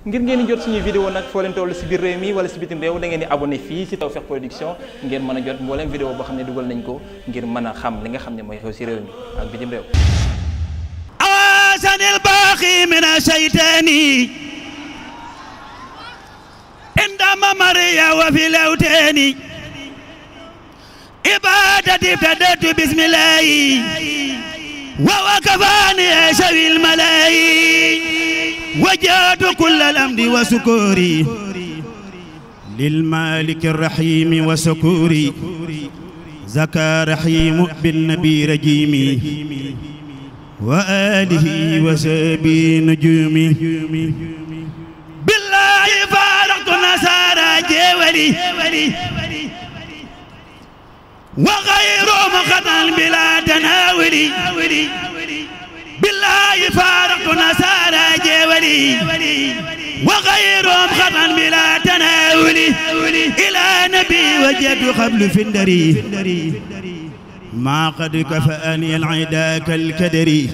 ngir ngeen di jot suñuy vidéo nag foo leen si biir réew mi wala si bitim réew da ngeen di abonné fii si Tawfekh Production ngeen mën a jot mbooleem vidéo boo xam ne dugal nañ ko ngir mën a xam li nga xam ne mooy xew si réew mi ak bitim réew awasanil baaxi mina shaytaani indama mariya wa fi lewteeni tadatu bismillahi wa wakafaani shawil malayi كل الأمد وسكوري للمالك الرحيم وسكوري زكى رحيم بالنبي رجيمي وآله وسبي نجومي بالله فارق نصارى جولي وغير مخطا بلا تناولي بالله فارق نصارى جولي وغيرهم خطا بلا تناول إلى نبي وجد قبل فندري ما قد كفأني العدا كالكدري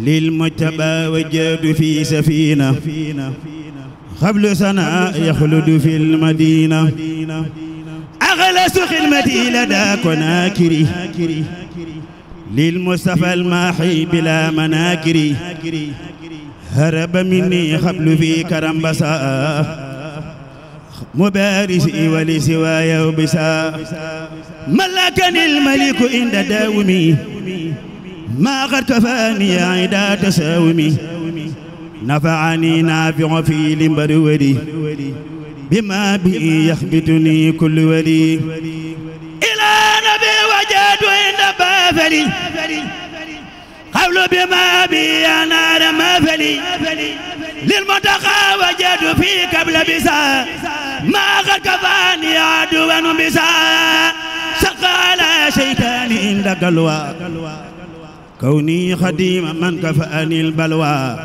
للمجتبى وجد في سفينة قبل سنة يخلد في المدينة أغلس خدمتي لدى كناكري lil Mustafa almaaxi bila manaakiri haraba minni xablu fi karambasa mubaarisi wali siwa yow bisa malakani almaliku inda daawumi maa qad kafaani ida tasaawumi nafaani naafiu fi limbari wali bima bi yaxbituni kullu wali ilaa وجاد عند بافلي قول بما بي نار مافلي للمتقى وجاد في قبل بسا ما قد كفاني عدوا بسا شق على شيطاني عند قلوى كوني خديم من كفاني البلوى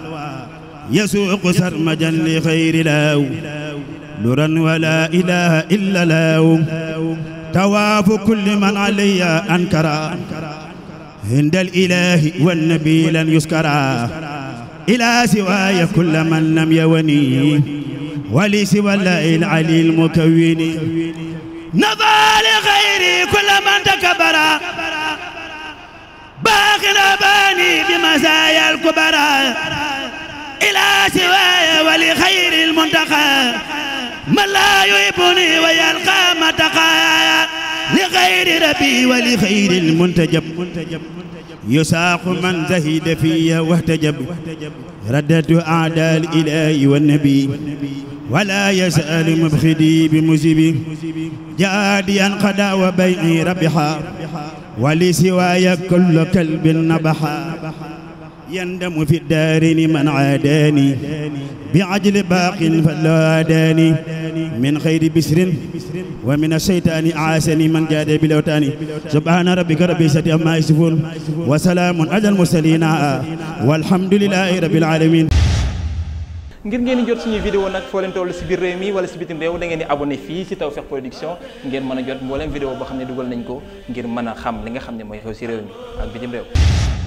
يسوق سرمجا لخير لاو نورا ولا اله الا لاو tawaafu kulli man alayya ankara inda al-ilaahi wan-nabi lan yuskara ilaa siwaaya kulli man lam yawani wa li siwa al-aliyyi al-mukawwini nadaa li xayri kulli man takabbara baaxin abaani bi masaaya al-kubara ilaa siwaaya wa li xayri al-muntaqa man laa yuhibbuni لبي ولخير منتجب يساق من زهد فيها واحتجب ردت أعداء الإله والنبي ولا يسأل مبخدي بمزب جاديا قدا وبيعي ربحا ولسواي كل كلب نبحا يندم في الدارين من عاداني بعجل باق فلا داني من خير بسر wa min ash-shaytaani aasani man jaade bilawtaani subhaana rabbika rabbi sati amma yasifuun wa salaamun alal mursaliina walhamdulillaahi rabbil aalamiin ngir ngeen di jot suñu vidéo nag foo leen toll si biir réew mi wala si bitim réew da ngeen di abonné fii si Tawfekh Production ngeen mën a jot mbooleem vidéo boo xam ne dugal nañ ko ngir mën a xam li nga xam ne mooy xew si réew mi ak bitim réew